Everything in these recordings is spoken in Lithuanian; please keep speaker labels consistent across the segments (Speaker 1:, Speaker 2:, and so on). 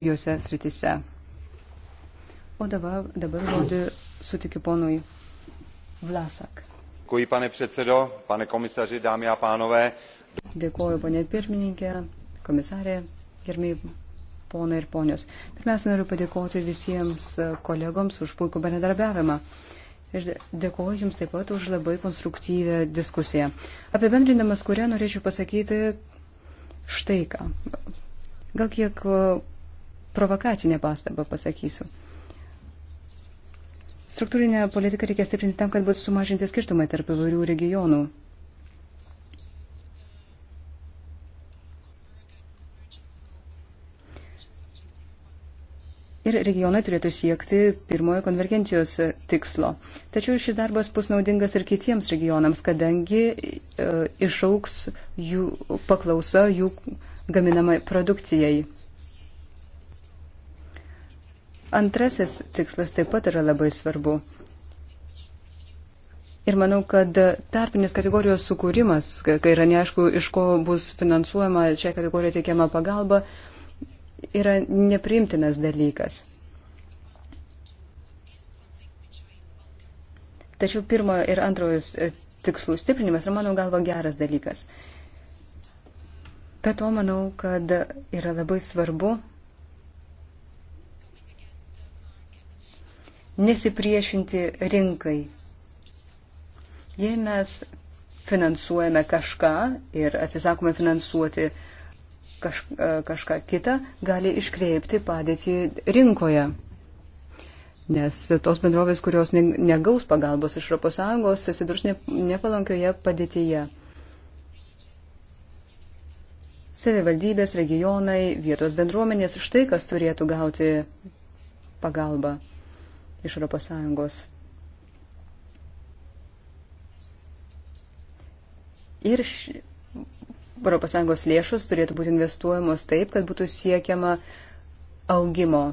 Speaker 1: jose sritise. O dabar, dabar žodį sutikiu ponui Vlasak. Děkuji, pane předsedo, pane komisaři, dámy a pánové. Dėkuoju, ponė pirmininkė, komisarė, gerbėjai ponai ir ponios. Pirmiausia, noriu padėkoti visiems kolegoms už puikų bendradarbiavimą. Ir dėkuoju Jums taip pat už labai konstruktyvę diskusiją. Apibendrinamas, kurią norėčiau pasakyti štai ką. Gal kiek provokacinę pastabą pasakysiu. Struktūrinę politiką reikia stiprinti tam, kad būtų sumažinti skirtumai tarp įvairių regionų. Ir regionai turėtų siekti pirmojo konvergencijos tikslo. Tačiau šis darbas bus naudingas ir kitiems regionams, kadangi e, išauks jų paklausa jų gaminamai produkcijai. Antrasis tikslas taip pat yra labai svarbu. Ir manau, kad tarpinės kategorijos sukūrimas, kai yra neaišku, iš ko bus finansuojama šią kategoriją teikiama pagalba, yra nepriimtinas dalykas. Tačiau pirmo ir antrojo e, tikslų stiprinimas yra, mano galva, geras dalykas. Bet to manau, kad yra labai svarbu nesipriešinti rinkai. Jei mes finansuojame kažką ir atsisakome finansuoti kaž, e, kažką kitą, gali iškreipti padėtį rinkoje. Nes tos bendrovės, kurios negaus pagalbos iš ES, susidurs nepalankioje padėtyje. Savivaldybės, regionai, vietos bendruomenės štai kas turėtų gauti pagalbą iš ES. Ir š... ES lėšos turėtų būti investuojamos taip, kad būtų siekiama augimo.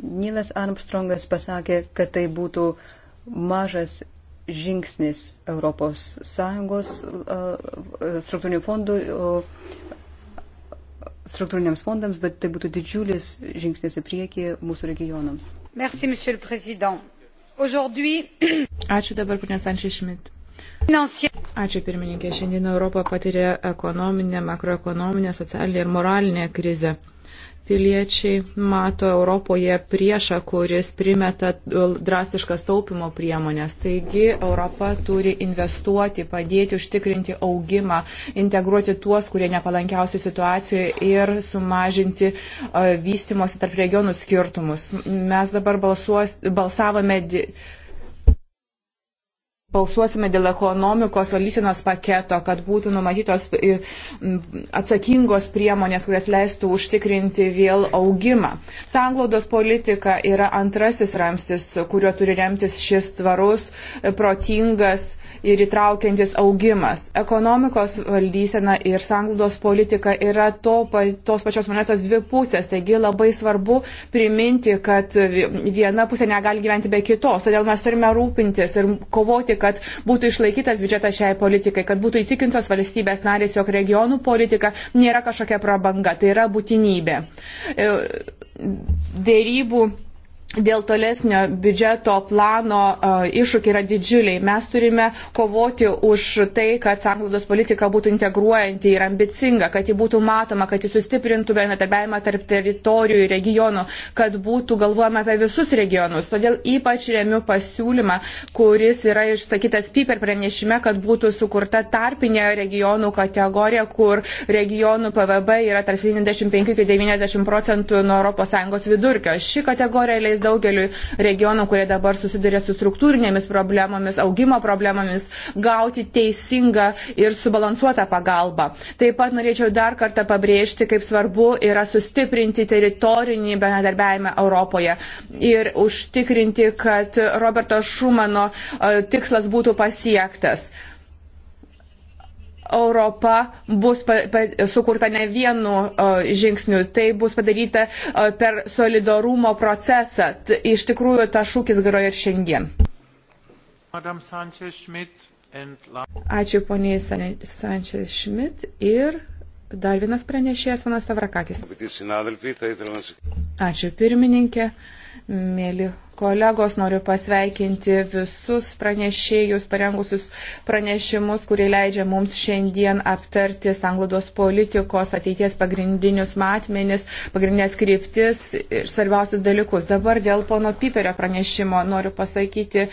Speaker 1: Nilas Armstrongas pasakė, kad tai būtų mažas žingsnis ES struktūrinių fondų struktūriniams fondams, bet tai būtų didžiulis žingsnis į priekį mūsų regionams.
Speaker 2: Merci, Ačiū dabar, ponė Sančiai Šmit. Ačiū pirmininkė. Šiandien Europą patiria ekonominė, makroekonominė, socialinė ir moralinė krizė piliečiai mato Europoje priešą, kuris primeta drastiškas taupimo priemonės. Taigi Europa turi investuoti, padėti užtikrinti augimą, integruoti tuos, kurie nepalankiausi situacijoje ir sumažinti vystimosi tarp regionų skirtumus. Mes dabar balsuos, balsavome balsuosime dėl ekonomikos valysenos paketo, kad būtų numatytos e, atsakingos priemonės, kurias leistų užtikrinti vėl augimą. Sanglaudos politika yra antrasis ramstis, kuriuo turi remtis šis tvarus, protingas ir įtraukiantis augimas. Ekonomikos valdysena ir sanglaudos politika yra to, tos pačios monetos dvi pusės, taigi labai svarbu priminti, kad viena pusė negali gyventi be kitos, todėl mes turime rūpintis ir kovoti, kad būtų išlaikytas biudžetas šiai politikai, kad būtų įtikintos valstybės narės, jog regionų politika nėra kažkokia prabanga, tai yra būtinybė. E, dėrybų dėl tolesnio biudžeto plano e, iššūkiai yra didžiuliai. Mes turime kovoti už tai, kad sanglaudos politika būtų integruojanti ir ambicinga, kad ji būtų matoma, kad ji sustiprintų bendradarbiavimą tarp teritorijų ir regionų, kad būtų galvojama apie visus regionus. Todėl ypač remiu pasiūlymą, kuris yra išsakytas Piper pranešime, kad būtų sukurta tarpinė regionų kategorija, kur regionų PVB yra tarp 75-90 procentų nuo ES vidurkio. Ši kategorija leis sektoriais, daugeliu regionų, kurie dabar susiduria su struktūrinėmis problemomis, augimo problemomis, gauti teisingą ir subalansuotą pagalbą. Taip pat norėčiau dar kartą pabrėžti, kaip svarbu yra sustiprinti teritorinį bendradarbiavimą Europoje ir užtikrinti, kad Roberto Šumano e, tikslas būtų pasiektas. Europa bus pa, pa, sukurta ne vienu uh, žingsniu, tai bus padaryta uh, per solidarumo procesą. T, iš tikrųjų, ta šūkis garoja ir šiandien. Ačiū poniai Sančias Šmit ir dar vienas pranešėjas, ponas Savrakakis. Ačiū pirmininkė, mėly Kolegos, noriu pasveikinti visus pranešėjus, parengusius pranešimus, kurie leidžia mums šiandien aptarti sanglados politikos ateities pagrindinius matmenis, pagrindinės kryptis ir svarbiausius dalykus. Dabar dėl pono Piperio pranešimo noriu pasakyti,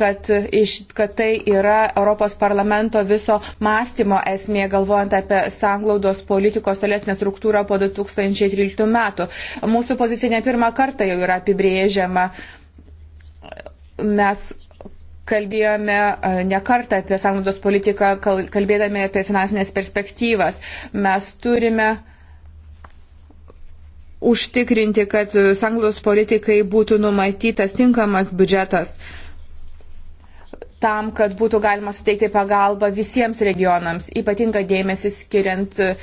Speaker 2: kad, iš, kad tai yra Europos parlamento viso mąstymo esmė, galvojant apie sanglaudos politikos tolesnę struktūrą po 2013 metų. Mūsų pozicija ne pirmą kartą jau yra apibrėžiama mes kalbėjome e, ne kartą apie sąnaudos politiką, kalbėdami apie finansinės perspektyvas. Mes turime užtikrinti, kad sąnaudos politikai būtų numatytas tinkamas biudžetas tam, kad būtų galima suteikti pagalbą visiems regionams, ypatinga dėmesį skiriant e,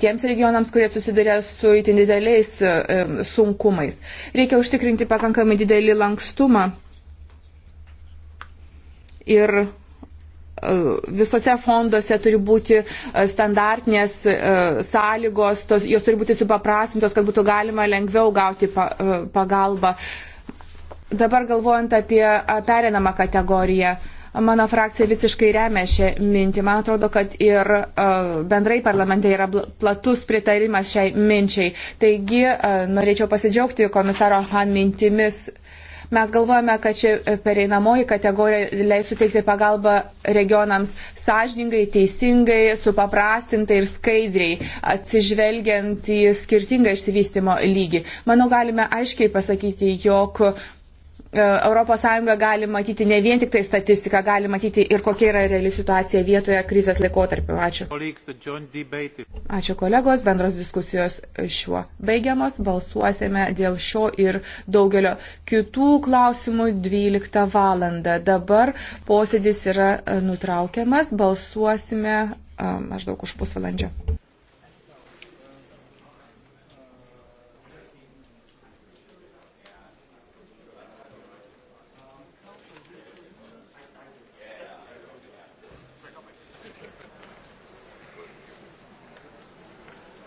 Speaker 2: tiems regionams, kurie susiduria su itin dideliais e, sunkumais. Reikia užtikrinti pakankamai didelį lankstumą ir e, visose fonduose turi būti e, standartinės e, sąlygos, tos, jos turi būti supaprastintos, kad būtų galima lengviau gauti pagalbą. Dabar galvojant apie perinamą kategoriją. Mano frakcija visiškai remia šią mintį. Man atrodo, kad ir bendrai parlamente yra platus pritarimas šiai minčiai. Taigi norėčiau pasidžiaugti komisaro Han mintimis Mes galvojame, kad ši pereinamoji kategorija leis suteikti pagalbą regionams sąžiningai, teisingai, supaprastintai ir skaidriai, atsižvelgiant į skirtingą išsivystimo lygį. Manau, galime aiškiai pasakyti, jog ES gali matyti ne vien tik tai statistiką, gali matyti ir kokia yra reali situacija vietoje krizės laikotarpiu. Ačiū. Ačiū kolegos, bendros diskusijos šiuo baigiamos, balsuosime dėl šio ir daugelio kitų klausimų 12 val. Dabar posėdis yra nutraukiamas, balsuosime maždaug už pusvalandžio.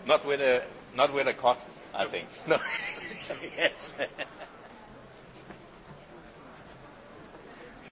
Speaker 1: Not with a, not with a cotton, I think. No. yes.